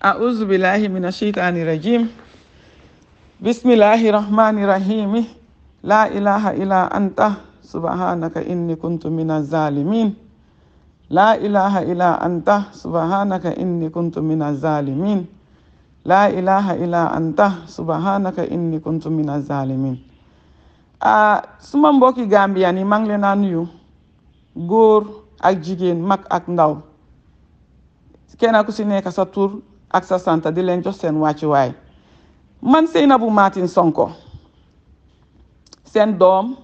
Auzu billahi minashaitani rajim. Bismillahi rahmani rahimi. La ilaha illa anta subhanaka inni kuntu minaz zalimin. La ilaha illa anta subhanaka inni kuntu minaz zalimin. La ilaha illa anta subhanaka inni kuntu minaz zalimin. Uh, suma mbokki Gambia ni maa ngi leen a nuyu góor ak jigéen mag ak ndaw kenn ku si nekk sa tur ak sa sant di len jox seen way man bu Martin Sonko sen Dom,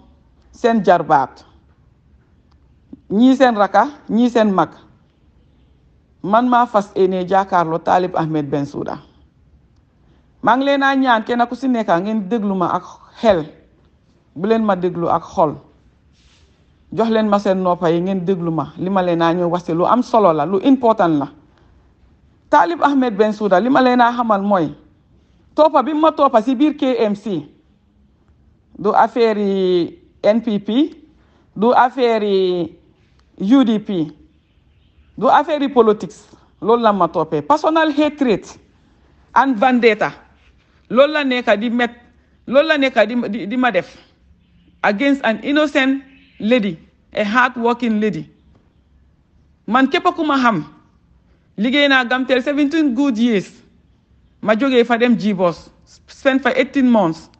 sen jarbat ñi sen raka ñi sen mak man ma fas ene jakarlo Talib Ahmed Bensouda souda mang leena a ñaan ken ku si nekk ngeen degluma ak xel bu len ma deglu ak xol jox len ma sen noppa yi ngeen degluma lima leena ñu wasse lu am solo la lu important la Talib Ahmed Bensouda li ma leen a xamal mooy toppa bi ma toppa si biir KMC du affaire yi NPP du affaire yi UDP du affaire yi politics loolu la ma toppee personal hatred and vendetta loolu la nekka di met loolu la nekka di di ma def against an innocent lady a hard working lady man képp ku ma xam liggéey naa Gamtel 17 good years ma jógee fa dem Jibos spend fa 18 months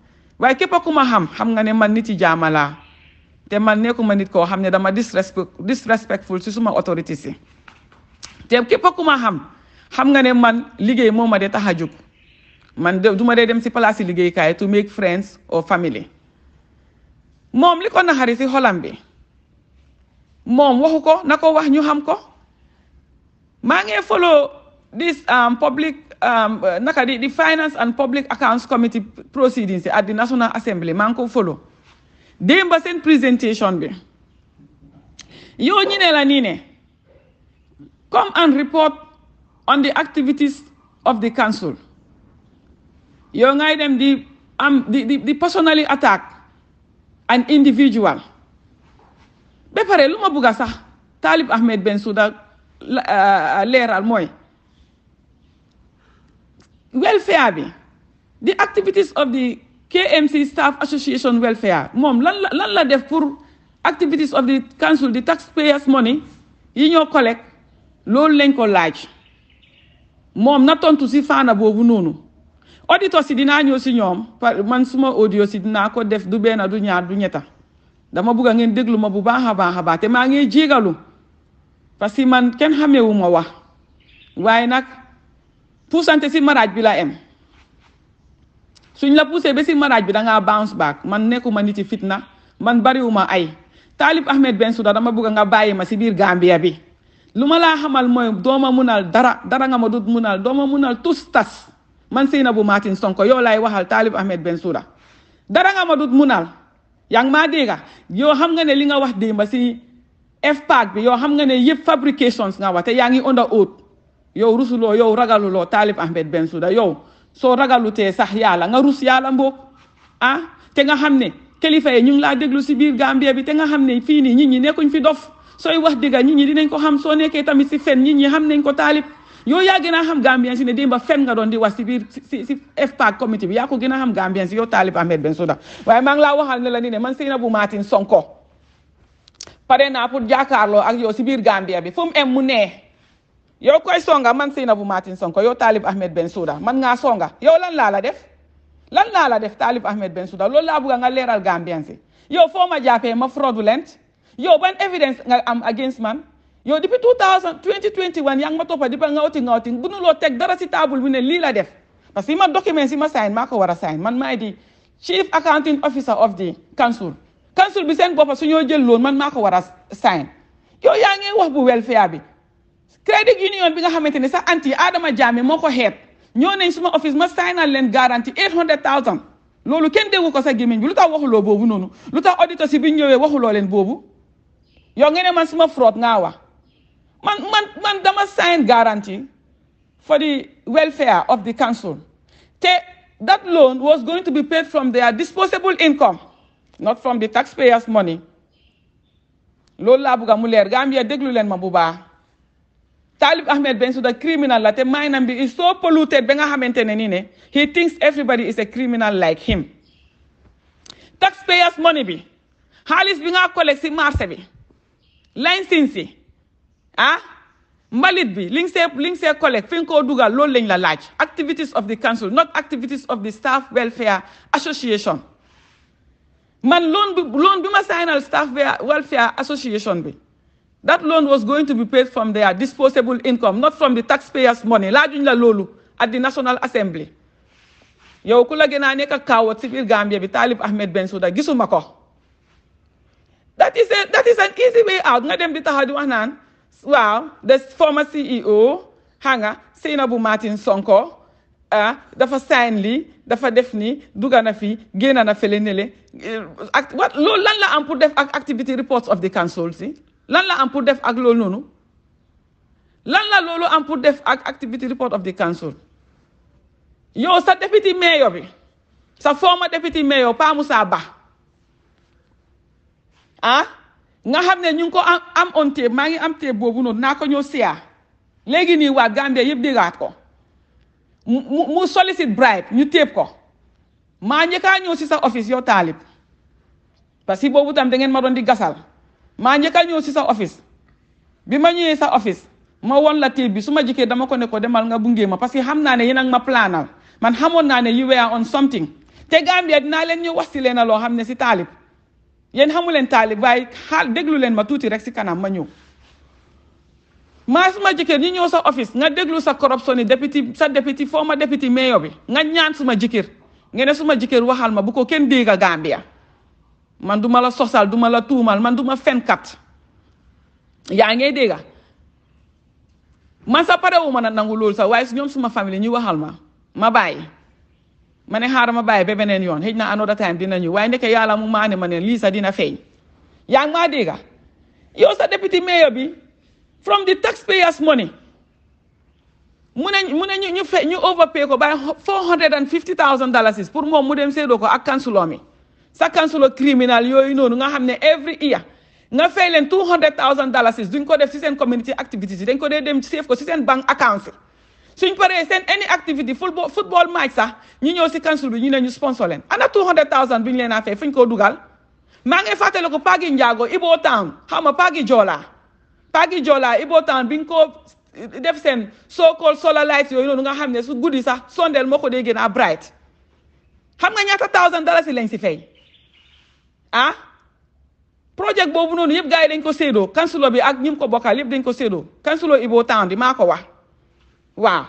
waaye képp ku xam xam nga ne man nit yi jaama te man nekkuma nit koo xam ne dama disrespect disrespectful si suma autorité si te képp ku xam xam nga ne man liggéey moo ma de tax a jóg man de du ma dee dem si place liggéeykaay to make friends or family moom li ko naxari si xolam bi moom waxu ko na ko wax ñu xam ko. Mange follow this um, public um, uh, the finance and public accounts committee proceedings at the national assembly maa follow The seen présentation be. yow ñu la come and report on the activities of the council yow ngay dem di am the, personally attack an individual Be pare ma bugg Talib Ahmed Bensouda Euh, euh, leeral mooy welfare bi the activities of the KMC staff association welfare moom lan la lan la def pour activities of the council the taxpayers money yi ñoo collect loolu lañ ko laaj moom na tontu si faana boobu noonu auditor si dinaa ñëw si ñoom man suma audio si dinaa ko def du benn du ñaar du ñetta dama bugg ngeen déglu ma bu baax a baax a baax te maa ngi jégalu parce que man ken xamewuma wax waaye nag puusante si maraaj bi la em suñ la poussé ba si maraaj bi da ngaa bounce back man nekkuma niti fitna man bariwuma ay talib ahmed ben souda dama bëgg nga bàyyi ma si biir gambia bi lu ma laa xamal mooy dooma munal dara dara nga ma dut munal dooma munal tus tas man seyna bu martin sonko yow lay waxal talib ahmed ben souda dara nga ma dut munal yang ma dégga yow xam nga ne li nga wax si FPAC bi yow xam nga ne yëpp fabrications nga wax te yaa ngi under oath yow rusuloo yow ragaluloo Talib Ahmed Bensouda yow soo ragalutee sax yàlla nga rus yàlla mbokk a ah, te nga xam ne kilifa yi ñu ngi laa déglu si biir Gambie bi te nga xam ne fii nii nit ñi nekkuñ fi dof sooy wax dëgga nit ñi dinañ ko xam soo nekkee tamit si fen nit ñi xam nañ ko taalib yow yaa gën a xam Gambien si ne démba fen nga doon di wax si biir si si FPAC comité bi yaa ko gën a xam Gambien si yow Talib Ahmed Bensouda waaye maa ngi laa waxal ne la ne man Sainabou Martin Sonko pare naa pour jàkkaarloo ak yow si biir Gambia bi fu mu em mu nee yow koy songa man Sainabou Martin Sonko yow Talib Ahmed Bensouda man ngaa songa yow lan laa la def lan laa la def Talib Ahmed Bensouda loolu laa bëgg nga leeral Gambien si yow foo ma jàppee ma fraudulent yow ban evidence nga am against man yow depuis 2000 2021 yaa ngi ma toppa di ba ngawti ngawti bunuloo teg dara si table bi ne lii la def parce que ma document si ma sign maa ko war a sign man maay di chief accounting officer of the council council bi seen boppa su ñoo jël loon man maa ko war a sign yow yaa ngi wax bu welfare bi credit union bi nga xamante ne sax anti Adama Jammeh moo ko xeet ñoo nañ suma office ma signal leen garantie eight hundred thousand loolu kenn déggu ko sa gémmiñ bi lu tax waxuloo boobu noonu lu tax auditeur si bi ñëwee waxuloo leen boobu yow nga ne man suma fraude ngaa wax man man man dama sign guarantee for the welfare of the council te that loan was going to be paid from their disposable income not from the taxpayers money Lola laa bugg Gambia déglu leen ma bu baax Talib Ahmed Bensouda criminal la te maynam bi is so polluted ba nga xamante ne ne he thinks everybody is a criminal like him taxpayers money bi xaalis bi nga collect si marché bi licence ah mbalit bi li se see se nga see collect fi nga dugal loolu lañ la laaj activities of the council not activities of the staff welfare association man loan bi loan bi ma signal staff welfare association bi that loan was going to be paid from their disposable income not from the taxpayers money laajuñ la loolu at the national assembly yow ku la gën a nekk kaawot si biir Gambia bi Talib Ahmed Bensouda gisuma ko that is a that is an easy way out nga dem di taxaw di wax naan waaw the former CEO hanga, nga Seynabou Martin Sonko ah, dafa sign lii dafa def nii dugga na fii génn na fële nele eh, ak loolu lan la am pour def ak activity reports of the council si lan la am pour def ak loolu noonu lan la loolu am pour def ak activity report of the council yow sa deputy mayor bi sa former deputy mayor paamu Moussa Ba ah nga xam ne ñu ngi ko am am on tape maa ngi am tape boobu noonu naa ko ñëw siyaa léegi nii waa Gambia yëpp déggaat ko mu sollicit bribe ñu téeb ko maa njëkkaa ñëw si sa office yow taalib parce que boobu tam da ngeen ma doon di gasal maa njëkkaa ñëw si sa office bi ma ñëwee sa office ma won la téeb bi su ma jikkee dama ko ne ko demal nga bungee ma parce que xam naa ne yéen ak ma planal man xamoon naa ne you were on something te gambia dinaa leen ñu wax si leen loo xam ne si taalib yéen xamu leen taalib waaye xaal déglu leen ma tuuti rek si kanam ma ñëw maa suma jëkkër ñi ñëw sa office nga déglu sa corruption ni député sa député foo ma député meyo bi nga ñaan suma jëkkër nga ne suma jëkkër waxal ma bu ko kenn dégg a Gambia man du ma la sosal du ma la tuumal man du ma fenkat yaa ngay dégg man sa pare wu ma na nangu loolu sax waaye su ñoom suma famille ñu waxal ma ma bàyyi ma ne xaaral ma bàyyi ba beneen yoon xëj na another time dina ñu waaye ndeke yàlla mu maane ma ne lii dina feeñ yaa ngi maa dégg sa député meyo bi. from the taxpayers money mu ne mu ne ñu fe ñu overpay ko by four hundred and fifty thousand dollars pour moom mu dem séedoo ko ak kansulo mi sa kansulo criminal yooyu noonu nga xam ne every year nga fay leen two hundred thousand dollars duñ ko def si seen community activities yi dañ ko dee dem save ko si seen bank accounts suñ paree seen any activity football match sax ñu ñëw si council bi ñu ne ñu sponsor leen ana 200000 bi ñu leen a fay fu dugal maa ngi fàttale ko Pagi Njaago Ibo Town xam nga Pagi Jola Paki Jola Ibo Town bi nga ko def seen so called solar lights yooyu noonu nga xam ne su guddi sax sondeel moo ko dee gën a bright xam nga ñaata thousand dalasi lañ si fay ah projet boobu noonu yëpp gars yi dañ ko séedoo kansulo bi ak ñim ko bokkal yëpp dañ ko séedoo kansulo Ibo Town bi maa ko wax waaw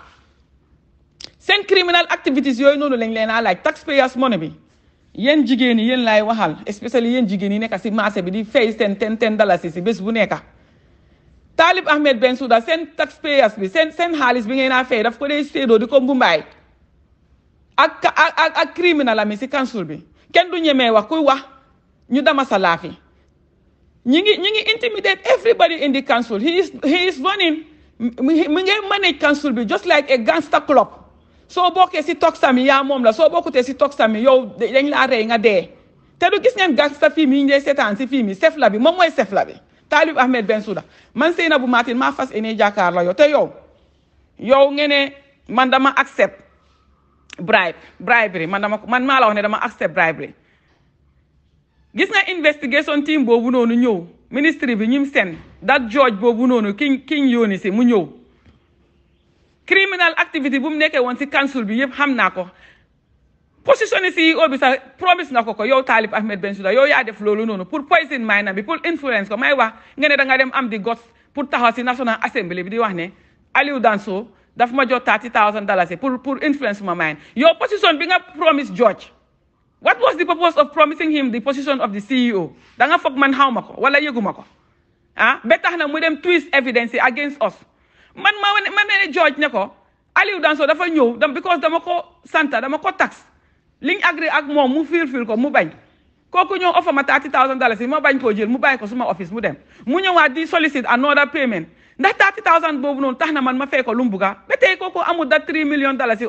seen criminal activities yooyu noonu lañ leen a laaj taxpayers money bi yéen jigéen yen yéen laay waxal especially yéen jigéen yi nekk si marché bi di fay seen ten ten dalasi si bés bu nekka Talib Ahmed Bensouda seen taxpayers bi seen seen xaalis bi ngeen naa fay daf ko dee séedoo di ko mbumbaay ak ak ak criminal ami si council bi kenn du ñemee wax kuy wax ñu dama salaafi laafi ngi ñi ngi intimidate everybody in the council he is he is running mu ngi manage council bi just like a gangster club soo bokkee si togsam yi yaa moom la soo bokkutee si togsam yi yow dañ laa rey nga dee te du gis ngeen gangster fii mi ñu dee seetaan si sefla bi moom mooy sefla bi Taalib Ahmed Bensouda man bu Matin maa fas yéene jàkkaarloo yow te yow yow ngeen ne man dama accept bribe bribery man dama man maa la wax ne dama accept bribery gis nga investigation team boobu noonu ñëw ministre bi ñim sen da George boobu noonu ki kiñ yóoni si mu ñëw criminal activity bu mu nekkee woon si council bi yëpp xam naa ko position ni CEO bi sax promise na ko ko Talib Ahmed Ben Bensouda yow yaa def loolu noonu pour poison mind bi pour influence ko may wax nga da nga dem am di gots pour taxaw si National Assembly bi di wax ne Alieu Danso daf ma jot thirty thousand dollars pour pour influence my mind yow position bi nga promise George what was the purpose of promising him the position of the CEO da nga foog man xaw ma ko wala yëgu ah ba tax na mu dem twist evidence against us man ma man, ne George ne ko Alieu Danso dafa ñëw dam because dama ko santa dama ko tax liñ agri ak moom mu fiir fiir ko mu bañ kooku ñëw offer ma thirty thousand dollars ma bañ koo jël mu bàyyi ko suma office mu dem mu ñëwaat di solicite another payment ndax thirty thousand boobu noonu na man ma fay ko lu mu bugga ba tey kooku amul da three million dollars yi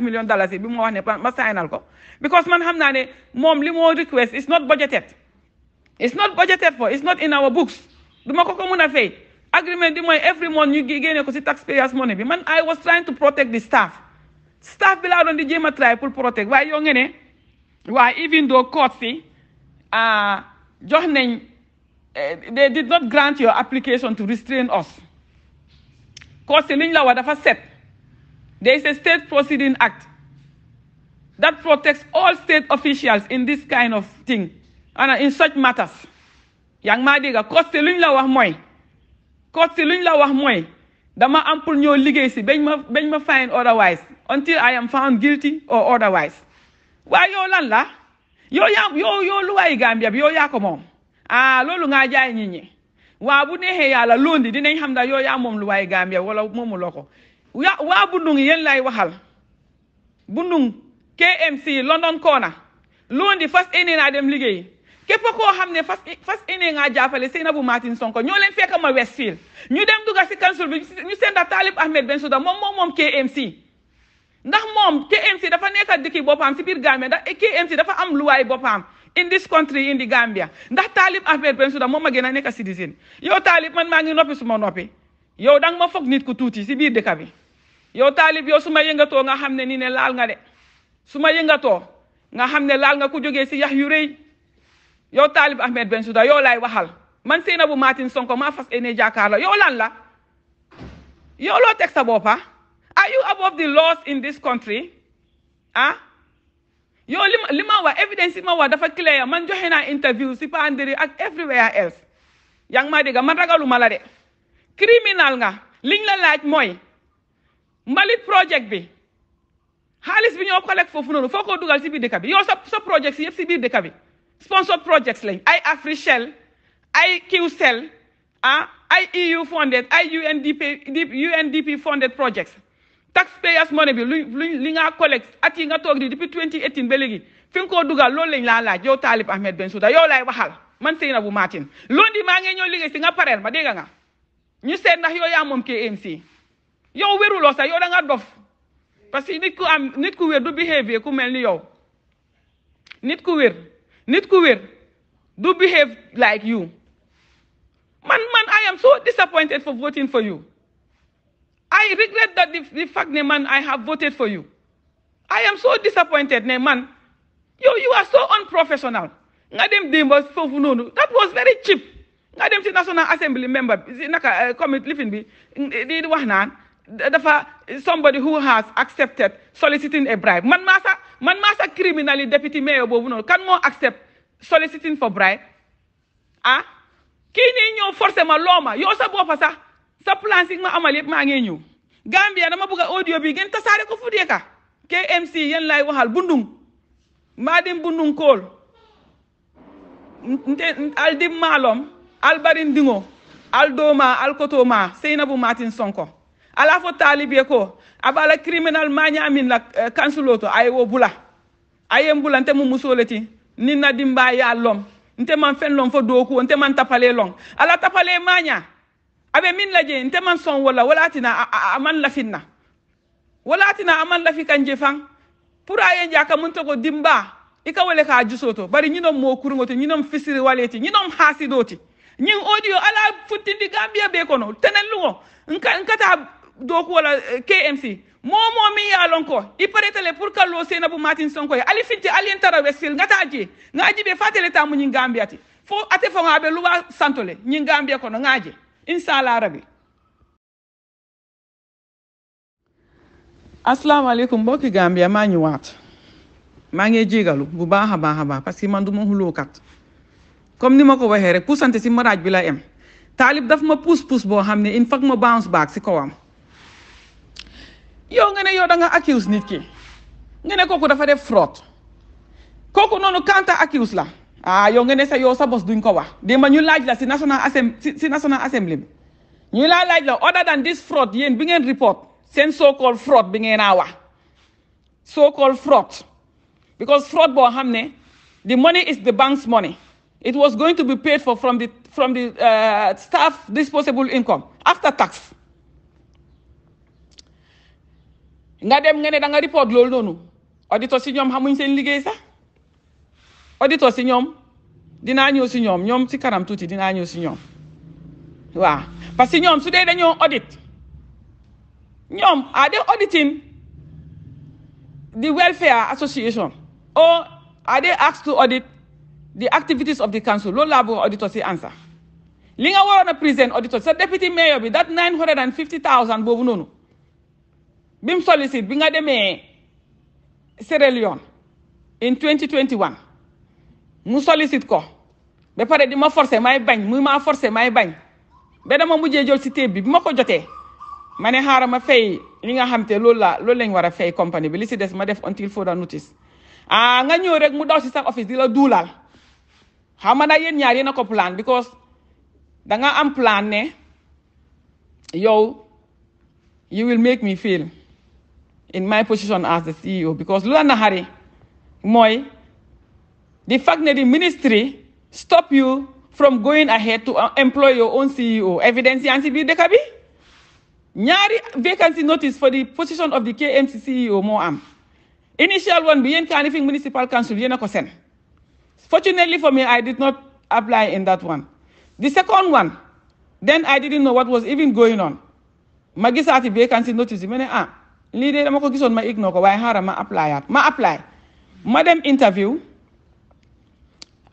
million dollars ma wax ne ma ko because man xam naa moom li moo request it's not budgeted it's not budgeted for it's not in our books duma ko ko mun a fay agreement bi mooy every ko si taxpayers bi man I was trying to staff bi laa doon di jéem a try pour protect waaye yow nga ne even though court ah, jox nañ eh, they did not grant your application to restrain us court si liñ la wax dafa set there is a state proceeding act that protects all state officials in this kind of thing and uh, in such matters yaa ngi diga. court si luñ la wax mooy court si luñ la wax mooy dama am pour liggéey si bañ ma bañ ma find otherwise until I am found guilty or otherwise waaye yow lan la yow yaa yow yow luwaayi Gambia yow yaa moom ah loolu ngaa jaay nit waa bu neexee yàlla londi dinañ xam daal yow yaa moom luwaayi Gambia wala moomuloo ko ya waa Bundung yéen lay waxal Bundung KMC London Corner londi fas yéene naa dem liggéey képp koo xam ne fas fas yéene ngaa jàppale Sainabou Martin Sonko ñoo leen fekk ma Westfield ñu dem dugga si council bi ñu senda Talib Ahmed Bensouda moom moom moom KMC ndax moom KMC dafa nekk dëkki boppam si biir Gambia ndax KMC dafa am luwaay boppam in this country in the Gambia ndax Talib Ahmed Bensouda moom ma gën a nekk citizen yow Talib man maa ngi noppi su ma noppi yow danga ma foog nit ku tuuti si biir dëkk bi yow Talib yow su ma yëngatoo nga xam ne nii ne laal nga de su ma yëngatoo nga xam ne laal nga ku jógee si yax yu rëy Yo Talib Ahmed Bensouda yo laay waxal man Seynabou Martin Sonko maa fas yéene jàkkaarloo Yo lan la Yo loo teg sa bopp ah? are you above the laws in this country ah yow li lima li evidence yi ma wax dafa clair man joxe interview si Panderi ak everywhere else yaa ngi maa man ragaluma la de criminal nga liñ la laaj mooy mbalit project bi Hali bi ñoo collect foofu noonu foo ko dugal si biir dëkk bi yow sa sa project si yëpp si bi sponsor projects lañ ay Afrishell ay QCell a ah, ay EU funded ay UNDP UNDP funded projects taxpayers money bi lu luñ li ngaa collecte at yi nga toog di depuis 2018 ba léegi fi nga koo dugal loolu lañ laa laaj yow Talib Ahmed Bensouda yow laay waxal man Sainabou Martin loolu di maa ngi ñëw liggéey si nga pareel ma dégg nga ñu seet ndax yow yaa moom KMC yow wéruloo sax yow da dof parce que nit ku am nit ku wér du behavior ku mel ni yow nit ku wér nit ku wér du behave like you man man I am so disappointed for voting for you I regret that the fact ne man I have voted for you I am so disappointed ne man yow you are so unprofessional nga dem démba foofu noonu that was very cheap nga dem ci National Assembly member si naka eh, committee lifin bi di wax naan dafa somebody who has accepted soliciting a bribe man maa sa criminal yi député mayor boobu noonu kan moo accept soliciting for bribe ah kii nii force ma looma sa boppa sax sa plan ma amal yëpp maa ngi ñëw Gambia dama bëgg audio bi ngeen tasaare ko fu dee ka KMC yéen laay waxal bundung maa dim bundung kool al dim maalom al barin dingo al dooma al kotoma Seynabou Martin Sonko ala fo talibe ko abala criminal mañamin la uh, kansulo ay wo bula aye bula nte mu musoleti, ti ni na dimba ya lom nte man fen lom fo doku nte man tapale long, ala tapale maña abe min la je nte man son wala wala tina aman la finna wala tina aman la fi kanje fan pour aye jaka mun ko dimba ika wele ka jusoto bari ñinom mo kurŋoti ñinom fisiri waleti ñinom hasidoti ñin audio ala futtindi gambia be kono tenelluŋo nka nkata doku euh, wala KMC momo min ya lon ko i paretale pour kallo senabu matin sonko ali finti alien tara westil ngata aji ngaji be fatele ta mu nyingambiati fo ate fo ngabe luwa santole nyingambia kono ngaji inshallah rabbi assalaamu aleykum mbokki Gambia maa ñu waat maa nge jégalu bu baax a baax a baax parce que man du ma comme ni ma ko waxee rek puusante si maraaj bi la em taalib daf ma puus puus boo xam ne il faut ma bounce back si kawam yow nga ne yow da nga accuse nit ki nga ne kooku dafa def fraud. kooku noonu kanta accuse la ah yow nga ne sa yow sa bos duñ ko wax démba ñu laaj la si national assem si national assembly bi ñu laa laaj la other than this fraud yéen bi ngeen report seen so called fraud bi ngeen a wax so called fraud because fraud boo xam ne the money is the bank's money it was going to be paid for from the from the uh, staff disposable income after tax nga dem nga ne da nga report loolu noonu auditeur si ñoom xamuñ seen liggéey sax auditeur si ñoom dinaa ñëw si ñoom ñoom si kanam tuuti dinaa ñëw si ñoom waaw parce que ñoom su dee dañoo audit ñoom are they auditing the welfare association or are they asked to audit the activities of the council loolu laa bëgg auditeur si answer li nga waroon a présent auditeur sa deputy mayor bi that nine hundred and fifty thousand boobu noonu bim sollicite bi nga demee Sierra Leone in 2021 mu sollicite ko ba pare di ma force may bañ muy ma forcer may bañ ba dama mujjee jël si téeb bi bi ma ko jotee ma ne xaaral ma fay li nga xam te loolu la loolu lañ war a fay bi li si des ma def until further notice ah nga ñëw rek mu daw si sax office di la duulal xam nga nag yéen ñaar yéen a ko plan because da nga am plan ne yow you will make me feel. in my position as the CEO because Lula la Moi, the fact that the ministry stop you from going ahead to uh, employ your own CEO evidence the ngi si biir vacancy notice for the position of the KMC CEO moo am initial one being yéen Kanifing municipal council yéen a ko fortunately for me I did not apply in that one the second one then I didn't know what was even going on ma gisaati vacancy notice bi ah lii de ma ko gisoon ma ignore ko waaye xaaral ma applyaat ma apply ma dem interview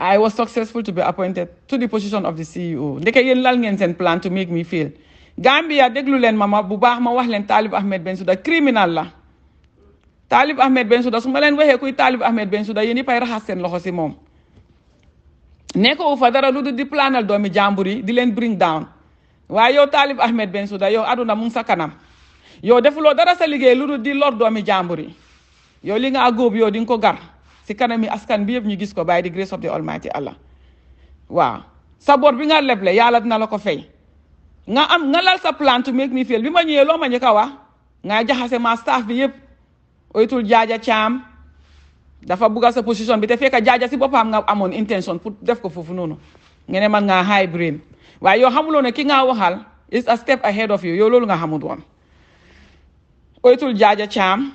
I was successful to be appointed to the position of the CEO ndeke yéen lal ngeen seen plan to make me fail Gambia déglu leen ma ma bu baax ma wax leen Talib Ahmed Bensouda criminal la Talib Ahmed Bensouda su ma leen waxee kuy Talib Ahmed Bensouda yéen yëppay raxas seen loxo si moom nekkoo fa dara lu dul di planal doomi jàmbur yi di leen bring down waaye yo Talib Ahmed Bensouda yow aduna mu ngi sa kanam yow defuloo dara sa liggéey lu dul di lor doomi jàmbur yi yow li nga góob yow di nga ko gar si kanami askan bi yëpp ñu gis ko by the grace of the Almighty Allah waaw sa bor bi nga leble yàlla dina la ko fay nga am nga lal sa plan to feel bi ma ñëwee loo ma ñu ko wax nga jaxase ma staff bi yëpp oytul jaaja caam dafa bugga sa position bi te fekk jaaja si boppam nga amoon intention pour def ko foofu noonu nga ne man ngaa high brain waaye yoo xamuloo ne ki nga waxal is a step ahead loolu nga xamul woon oytul jaaja caam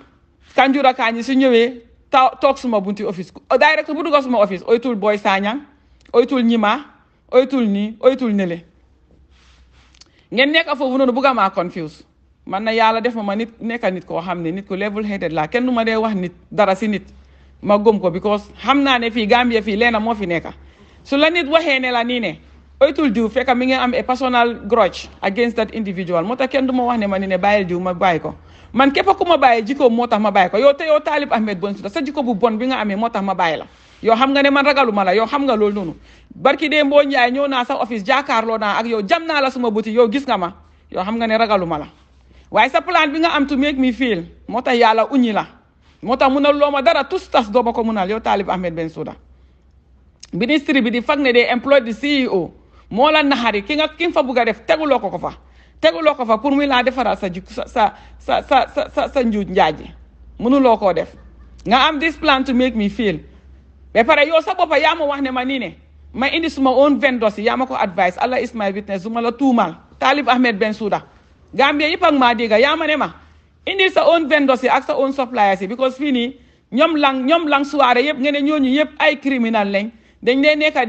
kanjura kaañ yi su ñëwee ta toog suma bunti office direct bu dugg suma office oytul booy saañang oytul ñima oytul nii oytul nele ngeen nekk foofu noonu bugga maa confuse man na yàlla def ma ma nit nekka nit koo xam ne nit ku level headed laa kenn du ma dee wax nit dara si nit ma gëm ko because xam naa ne fii Gambia fii leena moo fi nekka su la nit waxee ne la nii ne oytul diw fekk mi ngi am a e personal grudge against that individual moo kenn du ma wax ne ma ne bàyyil diw ma bàyyi ko man képp ku ma bàyyi jikkoom moo tax ma bàyyi ko yow te yow Talib Ahmed Bensouda sa jikko bu bon bi nga amee moo tax ma bàyyi la yow xam nga ne man ragaluma la yow xam nga loolu noonu barki dee mboo njaay ñëw naa sa office jaakaarloo naa ak yow jam naa la suma buti yow gis nga ma yow xam nga ne ragaluma la waaye sa plan bi nga am to make me feel moo tax yàlla uñi la moo tax munal loo ma dara tus tas doo ma ko munal yow Talib Ahmed Bensouda ministre bi di fag ne de employé di moo la ki nga ki fa bugg a def teguloo ko ko fa teguloo ko fa pour muy laa defaral sa jikko sa sa sa sa sa sa njuuj njaaji mënuloo koo def nga am this plan to make me feel ba pare yow sa boppa yaa ma wax ne ma nii ne ma indi suma own vendors yi ko advice Allah is my witness su ma la tuumal Talib Ahmed Bensouda Gambia yëpp ak maa dégga yaa ne ma indil sa own vendors yi ak sa own suppliers because Fini nii lang ñoom lang soirée yep nga ne ñooñu ay criminal lañ dañ dee nekka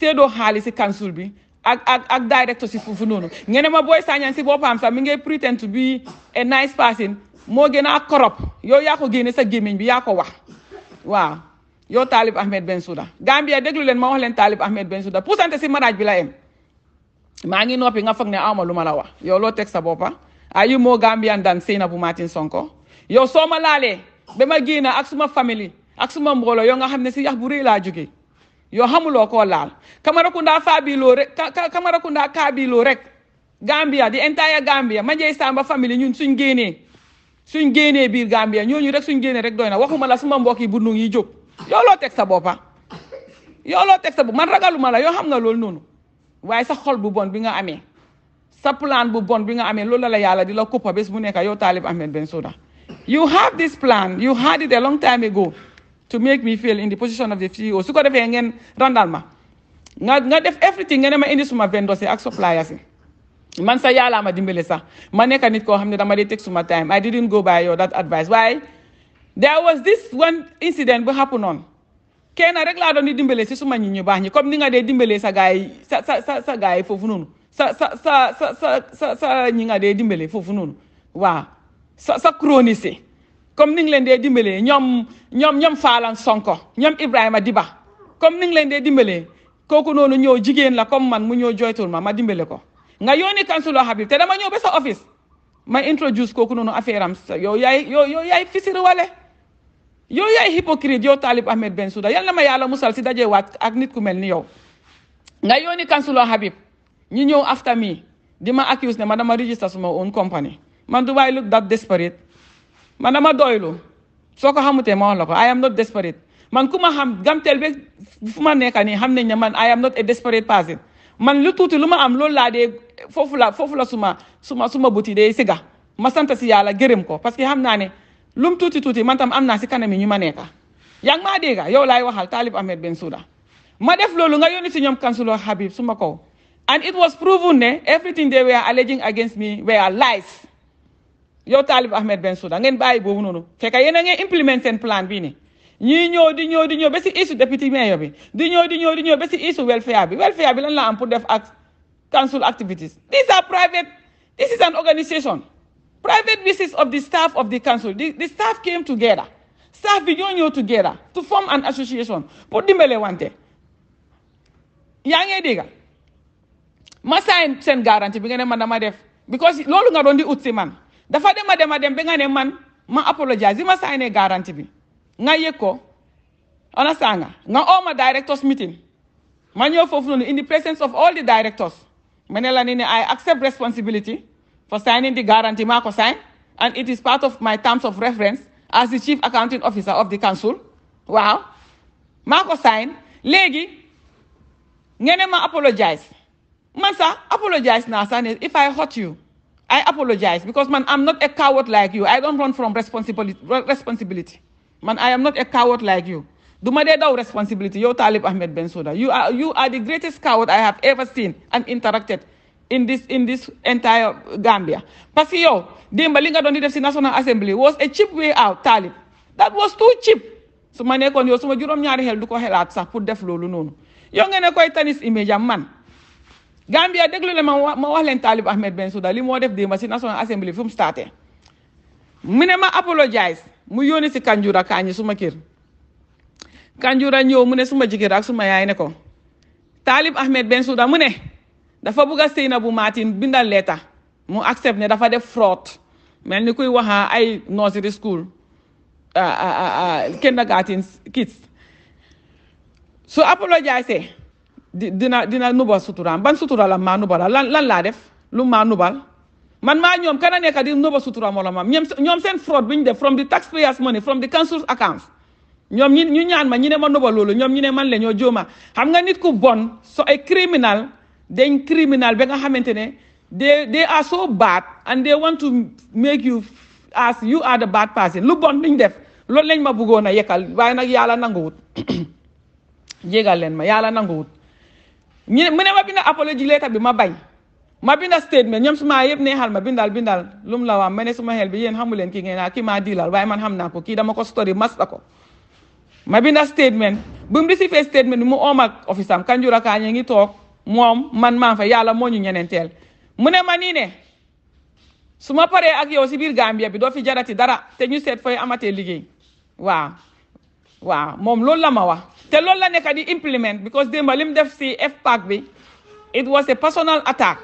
séedoo xaalis si council bi ak ak ak directeur si foofu noonu ngeen ne ma booy Sagnang si boppam sax mi ngay pretend to be a nice person moo gën a korop yo yaa ko génne sa gémmiñ bi yaa ko wax waaw yow Talib Ahmed Bensouda Gambia déglu leen ma wax leen Talib Ahmed Bensouda puusante si maraaj bi la em maa ngi noppi nga foog ne awma lu ma la wax yow loo teg sa boppa a yu moo Gambian dan Seynabou Martin Sonko yow soo ma laalee ba ma génn ak suma famille ak suma mbooloo yo nga xam ne si yax bu laa jógee yoo xamuloo koo laal Camaracounda faabiloo rek Camaracounda kaabiloo rek Gambia di entire ma Manjey Samba famille ñun suñ génnee suñ génnee biir Gambia ñooñu rek suñ génnee rek doy na waxuma la suma mbokk yi bundung yi jóg yow loo teg sa boppa yow loo teg sa bopp man ragaluma la yoo xam nga loolu noonu waaye sa xol bu bon bi nga amee sa plan bu bon bi nga amee loolu la la yàlla di la kuppa bés bu nekk yow Talib Ahmed Bensouda you have this plan you had it a long time ago to make me feel in the position of the CEO su ko defee ngeen randal ma nga nga def everything nga ne ma indi suma vendors ak suppliers man sa yàlla ma dimbale sax ma nekk nit koo xam ne dama dee teg suma time I didn't go by your that advice Why? there was this one incident bu happen on kenn rek laa doon di dimbale si suma ñi ñu baax comme ni nga dee dimbale sa gars sa sa sa sa gars yi foofu noonu sa sa sa sa sa sa ñi nga dee dimbale foofu noonu sa sa chroniste comme ni nga leen dee dimbalee ñoom ñoom ñoom Faalan Sonko ñoom Ibrahima Diba comme ni nga leen dee dimbalee kooku noonu ñëw jigéen la comme man mu ñëw joytul ma ma dimbale ko nga yónni Kansulo Habib te dama ñëw ba sa office ma introduce kooku noonu affaire am yow yaay yow yow yaay fisir wale yow yaay hypocrite yow Talib Ahmed Bensouda yal na ma yàlla musal si dajewaat ak nit ku mel ni yow nga yónni Kansulo Habib ñi ñëw after me di ma accuse ne ma dama register suma own company man do I look that man dama doylu soo ko ma wax I am not desperate man ku ma xam gamteel be fu ma nekka xam nañ ne man I am not a desperate person man lu tuuti lu ma am loolu laa la la suma suma suma buti de siga ma si yàlla gërëm ko parce que xam naa ne lu mu tuuti man tam am naa si kanam yi ñu ma nekka yaa ngi maa yow laay waxal Talib Ahmed Bensouda ma def loolu nga si ñoom Councillor Habib suma and it was proven ne everything they were alleging against me were lies yow Talib Ahmed Bensouda ngeen bàyyi boobu noonu fekk yéen a ngeen implémenté seen plan bii ni ñii ñëw di ñëw di ñëw ba si isu député maire bi di ñëw di ñëw di ñëw ba si isu welfare bi welfare bi lan la am pour def ak council activities these are private this is an organisation private business of the staff of the council the, the staff came together staff bi ñoo ñëw together to form an association pour dimbale wante yaa ngee dégga ma sign seen garantie bi nga ne man dama def because loolu nga doon di ut si man dafa dem a dem a dem ba nga ne man ma apologize bi ma signé garantie bi nga yeko ona sanga nga nga ma directors meeting ma ñëw in the presence of all the directors manela ne ni ne I accept responsibility for signing the guarantee maa ko sign and it is part of my terms of reference as the chief accounting officer of the council Wow, maa ko sign Legi, ngene ma apologize man sax apologize na sax if I hurt you I apologize because, man, I'm not a coward like you. I don't run from responsibility. responsibility. Man, I am not a coward like you. my de daw responsibility. Yo, Talib Ahmed Bensouda, you are, you are the greatest coward I have ever seen and interacted in this, in this entire Gambia. Parce que yo, the li don't need National Assembly was a cheap way out, Talib. That was too cheap. Su ma you don't need naari xel du ko xelaat sax pour def loolu noonu. Yow nga ne koy tanis image man. Gambia déglu le ma ma wax leen Talib Ahmed Bensouda li moo def démb si National Assembly fu mu starté mu ne ma apologize mu yónni si Kanjura Kañi suma kër Kanjura ñëw mu ne suma jëkkër ak su suma yaay ne ko Talib Ahmed Bensouda mu ne dafa bugg a Sainabou Martin bindal leeta mu accept ne dafa def fraud mel ni kuy waxaa ay nursery school kindergarten kids su apologize di dina dina nubal suturaam ban suturalam maa nubalal lan lan laa def lu maa nubal man maa ñoom kana nekka di nubal suturaam wala maam ñoom seen fraude bi ñu def from the taxpayers money from the council's accounts ñoom ñi ñu ñaan ma ñu ne ma nubal loolu ñoom ñu ne man la ñoo jóoma xam nga nit ku bon so ay criminal dañ criminal ba nga xamante ne they they are so bad and they want to make you as you are the bad person lu bon liñ def loolu lañ ma bëggoon a yekkal waaye nag yàlla nanguwut jégal leen ma yàlla nanguwut ñu ne mu ne ma bind apology letter bi ma bañ ma bind statement ñoom suma yëpp neexal ma bindal bindal lu la wax ma ne suma xel bi yéen xamu leen kii ki naa kii maa diilal waaye man xam naa ko kii dama ko story masta ko ma bind statement bu mu receivee statement bi mu oom ak office am Kanjura Kanye ngi toog moom man maa fa yàlla moo ñu ñenenteel mu ne ma nii ne su ma paree ak yow si biir Gambia bi doo fi jarati dara te ñu seet fooy amatee liggéey waa Wow, mom lola mawa. ma wax te di implement because the malim def si pack bi it was a personal attack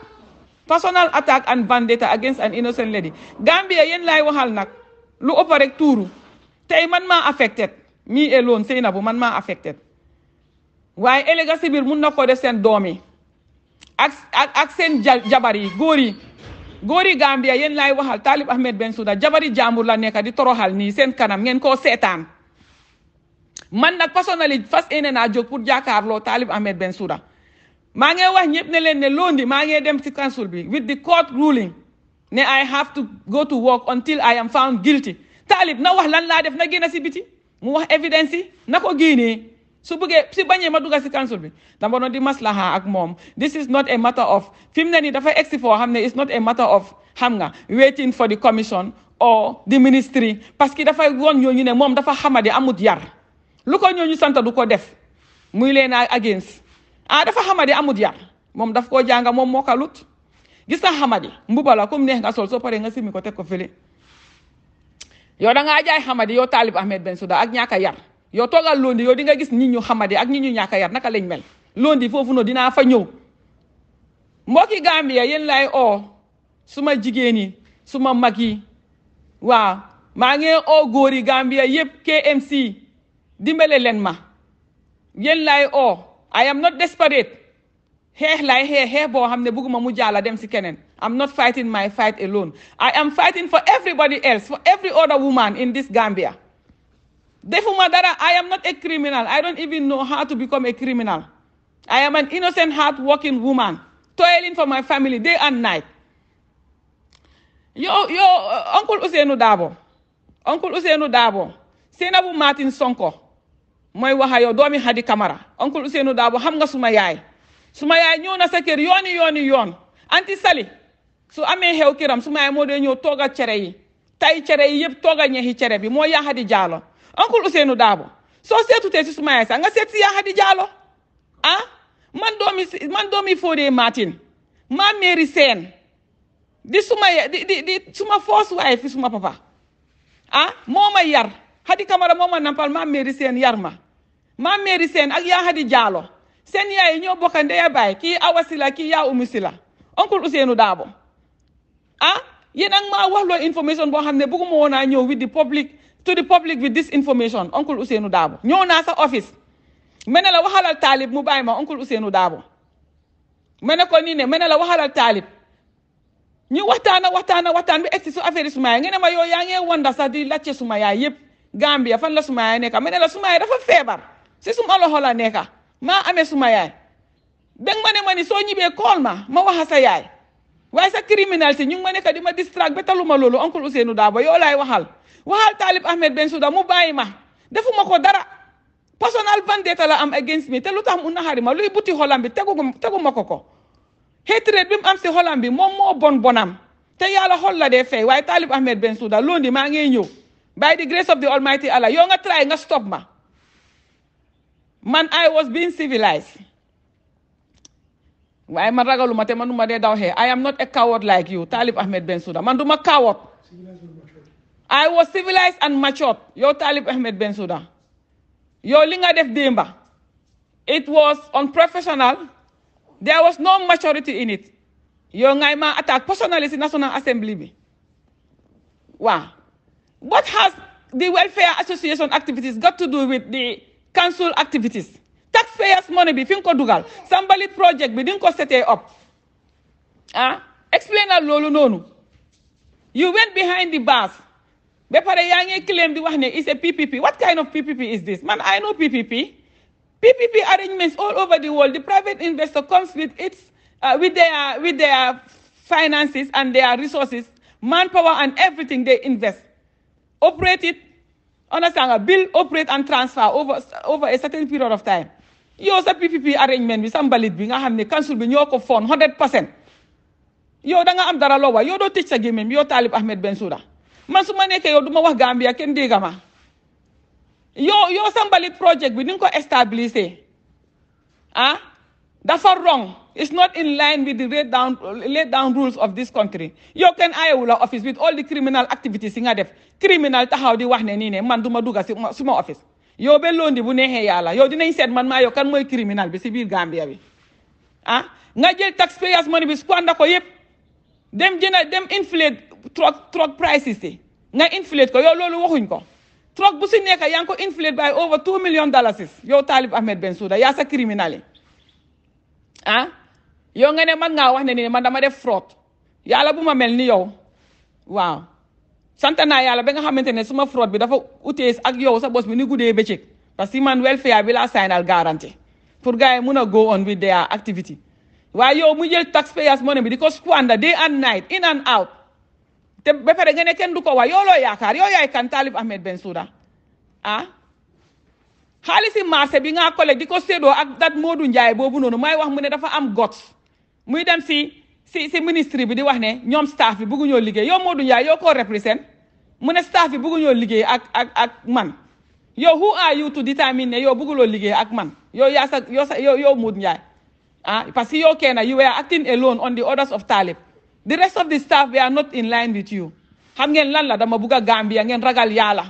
personal attack and vendetta against an innocent lady Gambia yen lai waxal nak. lu ëpp turu. tay man ma affected me alone Sainabou man ma affected Why elegasi si mun na koo def seen doom ak ak sen seen jabar yi góor yi Gambia yen waxal Talib Ahmed souda jabari jamur la nekk di torohal ni sen kanam ngen ko setan. man nag personnalité fas yéene naa jóg pour jàkkaarloo Talib Ahmed Bensouda maa ngi wax ñëpp ne leen ne lundi maa ngi dem ci council bi with the court ruling ne I have to go to work until I am found guilty Talib na wax lan laa def na génn si biti mu wax évidence yi na ko génnee su bëggee si bañee ma dugga si council bi dama doon di maslaha ak mom. this is not a matter of fi mu ne nii dafa egsi foo xam it's not a matter of xam nga waiting for the commission or the ministry parce que dafay woon ñooñu ne mom dafa xamadi amut yar lu ko ñooñu santa du ko def muy leen a against ah dafa xamadi amut yar moom daf koo jànga moom moo kalut gis nga xamadi mbubala comme neex nga sol soo paree nga simi ko teg ko fële yow da ngaa jaay xamadi yow Talib Ahmed Bensouda ak ñaaka yar yow toogal londi yow di nga gis nit ñu xamadi ak nit ñu ñaaka yar naka lañ mel londi foofu noonu dinaa fa ñëw mbokki Gambia yéen lay oo suma jigéen yi suma mag yi waaw maa ngi oo góori Gambia yëpp KMC dimbale leen ma yéen laay oo am not desperate xeex laay xeex xeex bo xam ne bugguma mu jaala dem si keneen I'm not fighting my fight alone I am fighting for everybody else for every other woman in this Gambia defuma dara I am not a criminal I don't even know how to become a criminal I am an innocent hard-working woman toiling for my family day and night Yo yo, uh, Uncle Ousseynou Dabo Uncle Ousseynou Dabo Seynabou Martin Sonko mooy waxa yow doomi Hadi Camara oncle Ousseynou Dabo xam nga suma yaay suma yaay ñëw na sa kër yoni yoni yoon anti sali su amee xew kiram suma yaay moo dee ñëw toog a cere yi tay cere yi yëpp toog a ñeexi cere bi moo yaa Hadi Jaalo oncle Ousseynou Dabo soo seetutee si suma yaay sax nga seet si yaa Hadi Jaalo ah man doomi man doomi Fodé Martin ma Mary Sène di suma di di di suma foos waaye fi suma papa ah moo ma yar Hadi kamara moma nampal ma Mary Sène yar ma maam Mary seen ak yaa Hadi Diallo seen yaay yi ñoo bokk ndey baay kii Awa Sylla kii yaa Umu Sylla oncle Ousseynou Dabo ah yéen ak maa wax loo information boo xam ne bëgguma woon naa ñëw with the public to the public with this information oncle Ousseynou Dabo ñëw naa sa office ma ne la waxalal taalib mu bàyyi ma oncle Ousseynou Dabo ma ne ko nii ne ma ne la waxalal taalib ñu waxtaana waxtaana waxtaan bi egsi su affaire suma yaay nga ne ma yow yaa ngee wanda sax di lacce suma yaay yëpp Gambia fan la suma yaay nekk ma ne la suma yaay dafa feebar si suma loxo la nekka maa ame suma yaay dégg ma ne ma ni soo ñibbee kool ma ma waxa sa yaay waaye sa criminalité ñu ngi ma nekk di ma distract ba taluma loolu oncle Ousseynou Dabo yow laay waxal waxal Talib Ahmed Bensouda mu bàyyi ma defuma ko dara personal vendetta la am against me te lu tax mu naxari ma luy buti xolam bi tegu teguma ko ko hatred bi mu am si xolam bi moom moo bon bonam te yàlla xol la dee fay waaye Talib Ahmed Bensouda loolu di maa ngi ñëw by the grace of the Almighty Allah yow nga try nga ma man I was being civilized I am not a coward like you Talib Ahmed Bensouda man a coward I was civilized and matured yow Talib Ahmed Bensouda yow li Linga def démba it was unprofessional there was no maturity in it Your ngay ma personally in National Assembly Wow! what has the Welfare Association activities got to do with the council activities taxpayers money be fi nga dugal Sambalit project bi di nga ko it up ah explain explainal Lolo noonu you went behind the bars Be pare yaa claim di wax ne is a PPP what kind of PPP is this man I know PPP PPP arrangements all over the world the private investor comes with its uh, with their with their finances and their resources manpower and everything they invest operate it understand nga bill operate and transfer over a certain period of time yow sa PPP arrangement bi sa mbalit bi nga xam ne council bi ñoo ko fon 100 yow da nga am dara loo wax yow doo tëj sa gémmiñ yoo yow Talib Ahmed Bensouda man su ma nekkee yow du ma wax Gambia kenn dégg ma yow yow sa mbalit projet bi ni nga ko stabiliser ah dafa wrong is not in line with the laid down, laid down rules of this country yow kenn aayewula office with all the criminal activities in nga criminal taxaw di wax ne nii ne man du ma si suma office yow ba londi bu neexee yàlla di dinañ seet man ma yow kan mooy criminal bi si biir Gambia bi ah nga jël taxpayers money bi squander ko yëpp dem jënd dem inflate truck truck prices yi nga inflate ko yow loolu waxuñ ko truck bu si nekk yaa ko inflate by over two million dollars Yo Talib Ahmed Bensouda yaa sa criminal yi ah yow nga ne man ngaa wax ne ni man dama def fraude yàlla bu ma mel ni yow waaw sant naa yàlla ba nga xamante ne suma fraude bi dafa utee ak yow sa bos bi ni guddee bëccëg parce que man welfare bi la signal garantie pour gars yi mun a go on with their activity waaye yow mu jël taxpayers money bi di ko squander day and night in and out te ba pare nga ne kenn du ko wax yow loo yaakaar yow yaay kan Talib Ahmed Bensouda ah? si xaalisi marché bi nga collègue di ko séddoo ak dat Modou Ndiaye boobu noonu may wax mu ne dafa am gots muy dem si si si ministre bi di wax ne ñoom staff bi bëgguñoo liggéey yow Modou Ndiaye yow koo represent mu ne staff bi bëgguñoo liggéey ak ak man yow who are you to determine ne yow bëgguloo liggéey ak man yow yaa sa yow sa yow Modou Ndiaye ah parce que yow kenn you were acting alone on the orders of Talib the rest of the staff we are not in line with you xam ngeen lan la dama bugg a Gambia ngeen ragal yàlla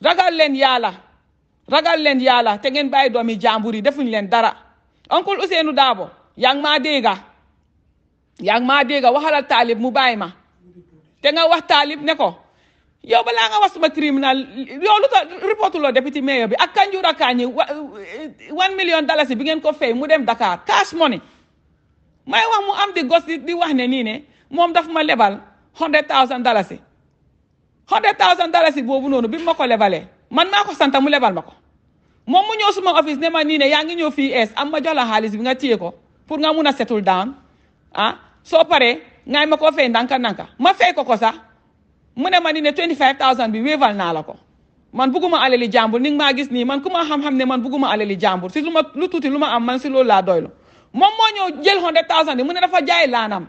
ragal leen yàlla ragal leen yàlla te ngeen bàyyi doomi jàmbur yi defuñ leen dara oncle Ousseynou yaa ngi maa dégga yaa maa dégga waxalal taalib mu bàyyi ma te nga wax taalib ne ko yow balaa nga wax sama criminal yow lu tax report loo député mayor bi ak Kanjura Kanyi one million dalasi bi ngeen ko fay mu dem Dakar cash money may wax mu am di gos di wax ne nii ne moom daf ma lebal hundred thousand dalasi dalasi boobu noonu bi ma ko lebalee man maa ko santa mu lebal ma ko moom mu ñëw suma office ne ma nii ne yaa ngi ñëw fii es am ma jox la xaalis bi nga téye ko pour nga mun a settle down a ah, soo paree ngay ma koo fay ndànka ndànka ma fay ko ko sax mu ne ma ni ne 25000 bi wéeval naa la ko man bugguma alali jàmbur ni nga maa gis nii man ku ma xam-xam ne man bugguma alali jàmbur si lu ma lu tuuti lu ma am man si loolu laa doylu mo moo ñëw jël 100000 bi mu ne dafa jaay laanam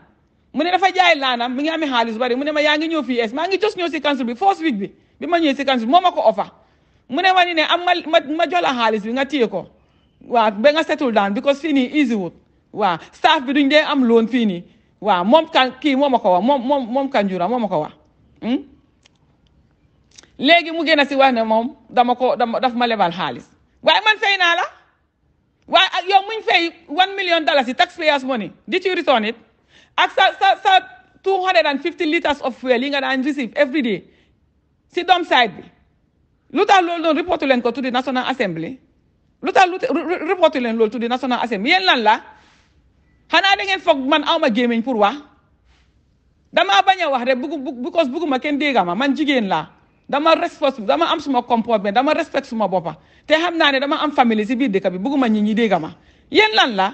mu ne dafa jaay laanam mi ngi amee xaalis bari mu ne ma yaa ngi ñëw fii es maa ngi jos ñëw si council bi first week bi bi ma ñëwee si council moo ma ko offer mu ne ma ne am ma ma jox la xaalis bi nga téye ko waaw ba nga setul daan because fii nii easy wut waaw staff bi duñ dee am loon fii nii waaw moom kan kii moo ma ko wax moom moom moom Kanjura moo ma ko wax hmm? léegi mu génn si wax ne moom dama ko dama daf ma lebal xaalis waaye man fay naa la waaye ak yow muñ fay one million dollars yi taxpayers money did you return it ak sa sa sa two hundred and fifty litres of fuel yi nga daan receive every day si doom side bi lu tax loolu doon reportu leen ko tuddi National Assembly lu tax lu reportu leen loolu tuddi National Assembly yéen lan la xanaa da ngeen foog man awma gémmiñ pour dama damaa bañ wax rek bugg because bugguma kenn dégga ma man jigéen laa dama respect dama am suma comportement dama respect suma boppa te xam naa ne dama am famille si biir dëkk bi bugguma ñi ñi dégga ma yéen lan la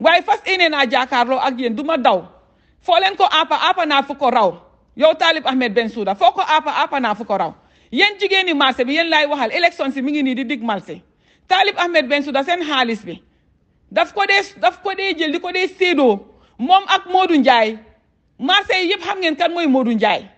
waaye fas yéene naa jaakaarloo ak yéen du ma daw foo leen ko aapa aapa naa fu ko raw yow Talib Ahmed Bensouda foo ko aapa aapa fu ko raw yéen jigéeni marché bi yéen laay waxal élection si mi ngi nii di dig marché Talib Ahmed Bensouda seen xaalis bi daf ko dee daf ko dee jël di ko dee moom ak Modou Ndiaye Marseille yëpp xam ngeen kan mooy Modou Ndiaye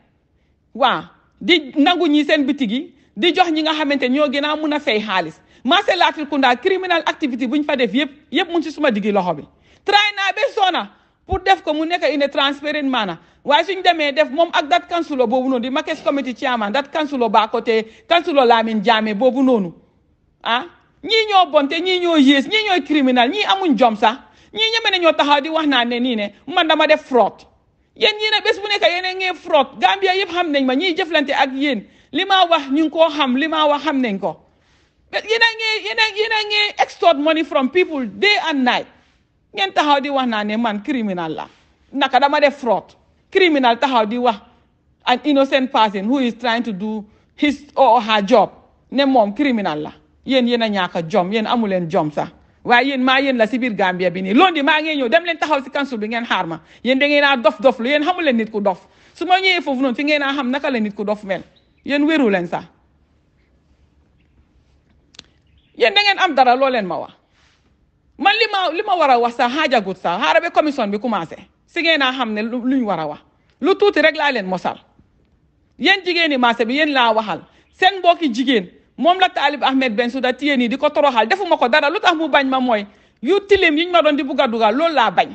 waaw di nangu ñi seen bitig yi di jox ñi nga xamante ñoo gën a mun a fay xaalis Marseille Latrikunda criminal activité bu ñu fa def yëpp yëpp mun si suma diggi loxo bi. tray naa ba soona pour def ko mu nekk une transparent maana waaye suñ demee def moom ak dat kansulo boobu noonu di Marques committee chairman dat kansulo ba côté kansulo Lamine Jammeh boobu noonu ah. Ni ñoo bonte ñii ñoo yées ñii ñooy criminal ni amuñ jom sax ñii ñeme ne ñoo taxaw di wax naa ne nii ne man dama def fraude yéen ñii ne bés bu nekk yéen a ngi fraude Gambia yëpp xam nañ ma ñii jëflante ak yéen lima maa wax ñu ngi koo xam li maa wax xam nañ ko yéen a ngi yéen a yéen a ngi extort money from people day and night ngeen taxaw di wax naa ne man criminal la naka dama def fraude criminal taxaw di wax an innocent person who is trying to do his or her job ne moom criminal la yéen yéen a ñàkk a jom yéen amu leen jom sax waaye yéen maa yéen la si biir Gambia bi nii loolu maa ngi ñëw dem leen taxaw si kansul bi ngeen xaar ma yéen da ngeen a dof dof lu yéen xamu leen nit ku dof su ma ñëwee foofu noonu fi ngeen a xam naka la nit ku dof mel yéen wéru leen sax yéen da ngeen am dara loo leen ma wax man li ma li ma war a wax sax xaajagut sax xaaral ba commission bi commencé si ngeen a xam ne luñ war a wax lu tuuti rek laa leen mosal yéen jigéeni marché bi yéen laa waxal seen mbokki jigéen moom la Taalib Ahmed Bensouda téye nii di ko toroxal defuma ko dara lu ta mu bañ ma mooy yu tilim yi ñu ma doon di bugg a dugal loolu laa bañ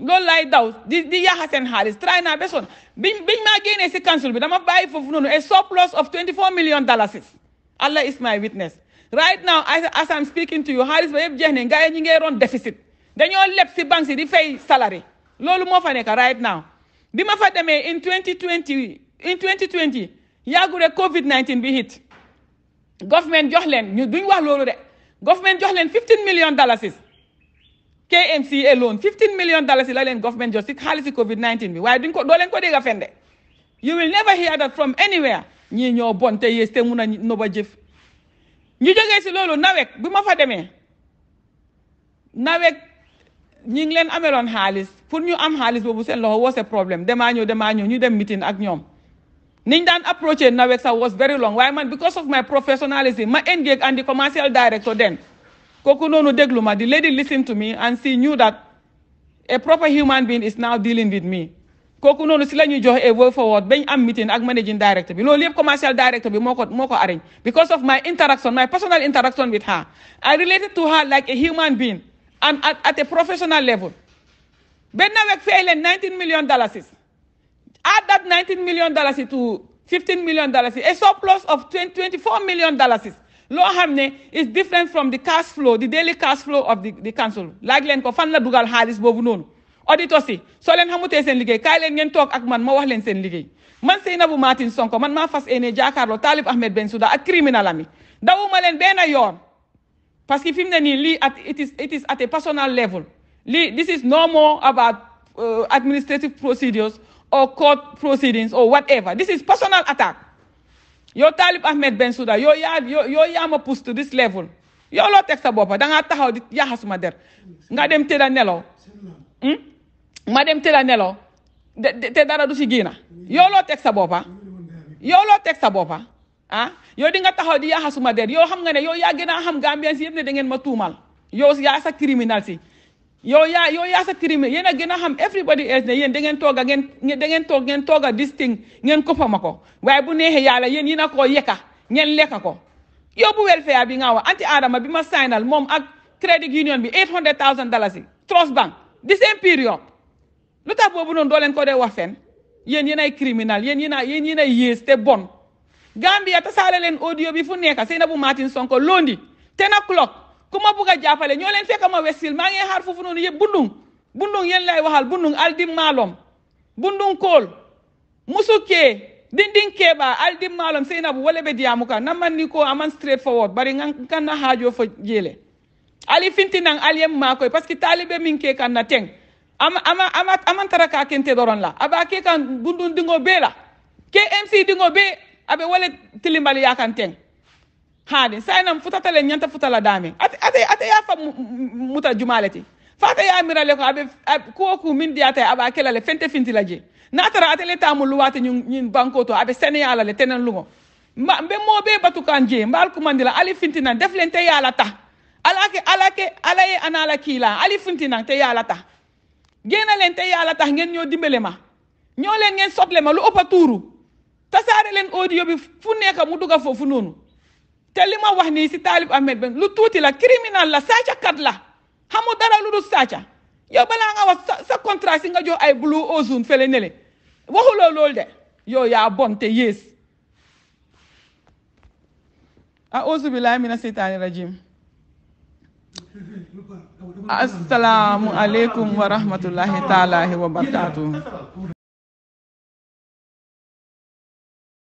loolu laay daw di ya yaaxa seen xaalis try naa besoon biñ biñ maa génnee si council bi dama bàyyi foofu noonu a surplus of 24 million dollars Allah is my witness right now as I'm speaking to you xaalis ba yëpp jeex ne nga ñi ngay roon déficit dañoo leb si banque si di fay salary loolu moo fa nekk right now bi ma fa demee in 2020 in 2020 yàggu rek covid 19 bi hit government jox leen ñu duñ wax loolu de government jox leen 15 million dalasis KMC alone 15 million dalasis la leen government jox si xaalisi Covid 19 bi waaye duñ ko doo leen ko dégg a fende you will never hear that from anywhere ñii ñoo bon te yées te mun a noba jëf. ñu jógee si loolu nawek bi ma fa demee nawek ñi ngi leen ameloon xaalis pour ñu am xaalis boobu seen loxo woo se problème damaa ñëw damaa ñëw ñu dem mitin ak ñoom. niñ approach approché nawet was very long Why man because of my professionalism my engage and the commercial director then kooku noonu déglu the lady listen to me and she knew that a proper human being is now dealing with me kooku noonu si la ñuy a way forward i am meeting ak managing director you know, yëpp commercial director be more ko arrange because of my interaction my personal interaction with her I related to her like a human being and at, at a professional level Ben week fay leen 19 million dollars Add that $19 million to $15 million, a surplus of $24 million. loo Hamne is different from the cash flow the daily cash flow of the the council Like leen ko fan la dugal xaalis boobu noonu auditeurs yi soo leen xamutee seen liggéey kaay leen ngeen toog ak man ma wax leen seen liggéey man Sainabou Martin Sonko man maa fas yéene jàkkaarloo Talib Ahmed Bensouda ak criminal ami dawuma leen benn yoon parce que fi mu ne nii lii at it is it is at a personal level Li this is no more about uh, administrative procedures or court proceedings or whatever. This is personal attack. Yo Talib Ahmed Bensouda yow ya, yo yo ya ma push to this level Yo lo teg sa da nga taxaw di yaxas ma der nga dem nelo. Hmm? ma dem da nelo. te dara du ci gina. Yo lo teg sa boppa yow loo teg sa ah Yo di nga taxaw di yaxasuma der Yo xam nga ne yo ya gina xam Gambiens yeb ne da ngeen ma tumal. Yo ya sa criminal si yow yaa yow yaa sa crime yéen a gën a xam everybody else ne yéen da ngeen toog a ngeen da ngeen toog ngeen a distinct ngeen koppama ko waaye bu neexee yàlla yéen yéen a koo yekka ngeen lekka ko yow bu welfare bi nga wax anti adama bi ma signal moom ak credit union bi eight hundred thousand dollars yi Trust Bank di same period lu tax boobu noonu doo leen ko dee wax fen yéen yéen ay criminal yéen yéen a yéen yéen ay yées te bon Gambia tasaale leen audio bi fu nekka Sainabou Martin Sonko lundi ten o'clock kuma ma bugg a jàppale ñoo leen fekk ma wessil maa ngi xaar foofu noonu yëpp bundung bundung yéen lay waxal bundung aldim maalom bundung kol, musuke dindin keba aldim maalom seynabu wala be na man ni ko aman straight forward bari nga kan na haajo fa jeele ali finti nang aliyem makoy parce que talibe min ke kan na teng ama ama ama aman tara ka kente doron la aba ke kan bundung dingo be la ke mc dingo be abe wala tilimbali kan teng haade saynam futatale ñanta futala dame ate ate ate ya fam muta jumalati fata ya mirale ko abe ko ko min di ate aba kelale fente finti laje natara ate le tamul wati ñun ñin banko to abe senegal le tenen lugo mba be mo be batukan je mbal ko mandila ali finti nan def len te yala ta alake alake alaye anala kila ali finti nan te yala ta gena len te yala ta ngeen ñoo dimbele ma ñoo len ngeen soble ma lu opaturu tasare len audio bi fu neka mu duga fofu nonu te li ma wax nii si Talib Ben lu tuuti la criminal la sàccakat la xamu dara lu dul sàcca yow balaa nga wax sa sa contrat ay Blue Ocean fële nele waxuloo loolu de yow yaa bon te yées auzu billaahi mina seytaani rajim asalaamu aleykum wa rahmatullahi taalahi